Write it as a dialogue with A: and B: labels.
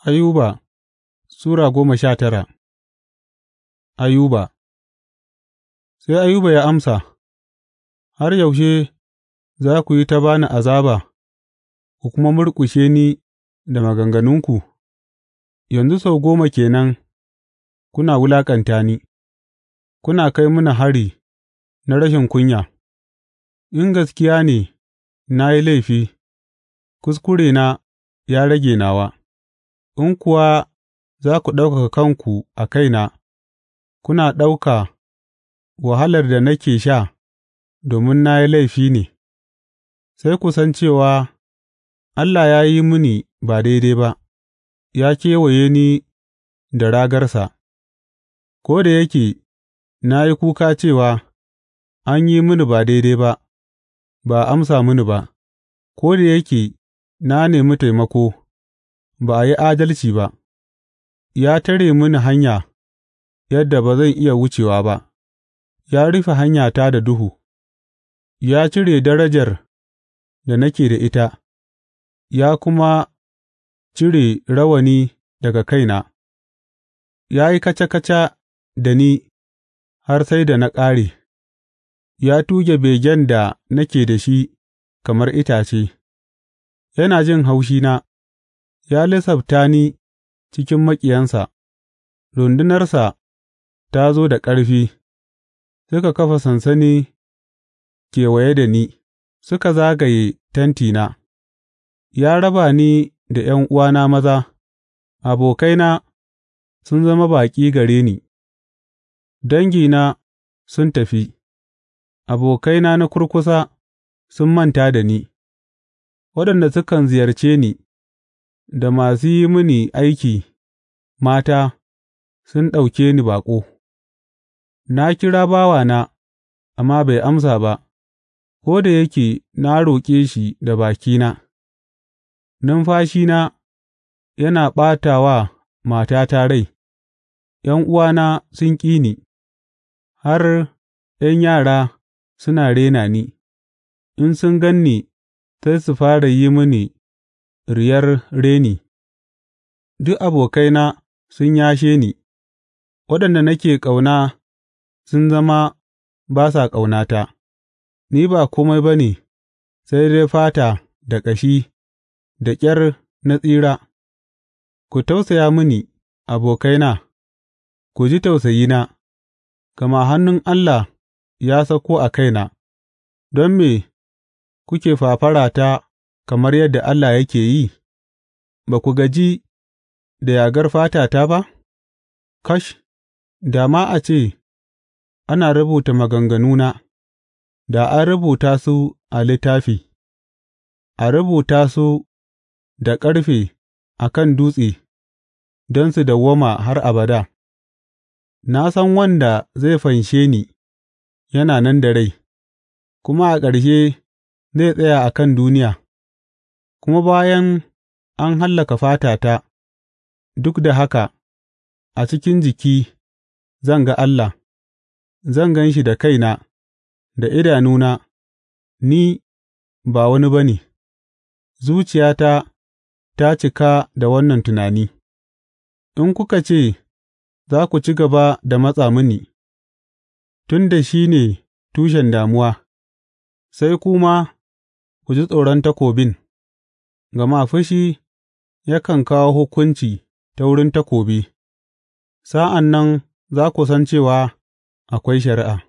A: Ayuba Sura goma sha tara Ayuba Sai Ayuba ya amsa, Har yaushe za ku yi ta ba ni azaba ku kuma murƙushe ni da maganganunku, yanzu sau goma ke nan kuna wulaƙanta ni, kuna kai mini hari na rashin kunya, in gaskiya ne na yi laifi, kuskure na ya rage nawa. in kuwa za ku ɗaukaka kanku a kaina, kuna ɗauka wahalar da nake sha domin na yi laifi ne, sai ku san cewa Allah ya yi mini ba daidai ba, ya kewaye ni da ragarsa, ko da yake na yi kuka cewa an yi mini ba daidai ba, ba amsa mini ba, ko da yake na nemi taimako. ba a yi adalci ba, ya tare mini hanya yadda ba zan iya wucewa ba, ya rufe hanya ta da duhu, ya cire darajar da nake da ita, ya kuma cire rawani daga kaina, ya yi kaca-kaca da ni har sai da na ƙare, ya tuge begen da nake da shi kamar itace, yana jin haushina. Ya lissafta ni cikin maƙiyansa; rundunarsa ta zo da ƙarfi, suka kafa sansani kewaye da ni, suka zagaye tentina; ya raba ni da 'yan uwana maza, abokaina sun zama baƙi gare ni, dangina sun tafi, abokaina na kurkusa sun manta da ni, waɗanda sukan ziyarce ni. da masu yi mini aiki mata sun ɗauke ni baƙo; na kira bawana, amma bai amsa ba, ko da yake na roƙe shi da bakina; numfashina yana ɓata wa matata rai, uwana sun ƙi ni, har ’yan yara suna rena ni; in sun gan ni sai su fara yi mini riyar reni; duk abokaina sun yashe ni, waɗanda nake ƙauna sun zama ba sa ƙaunata, ni ba kome ba ne sai dai fata da ƙashi, da ƙyar na tsira, ku tausaya mini, abokaina, ku ji tausayina, gama hannun Allah ya sauko a kaina, don me kuke fafarata kamar yadda Allah yake yi, ba ku gaji da yagar fata ta ba? Kash, da ma a ce, ana rubuta maganganuna, da an rubuta su a littafi, a rubuta su da ƙarfe a kan dutse, don su dawwama har abada. Na san wanda zai fanshe ni yana nan da rai, kuma a ƙarshe zai tsaya a kan duniya. Kuma bayan an hallaka fatata, duk da haka a cikin jiki zan ga Allah; zan gan shi da kaina, da idanuna, ni ba wani ba ne, zuciyata ta cika da wannan tunani, In kuka ce za ku ci gaba da matsa mini, tun da shi ne tushen damuwa, sai kuma ku ji tsoron takobin. Gama fushi yakan kawo hukunci ta wurin takobi, sa'an nan za ku san cewa akwai shari'a.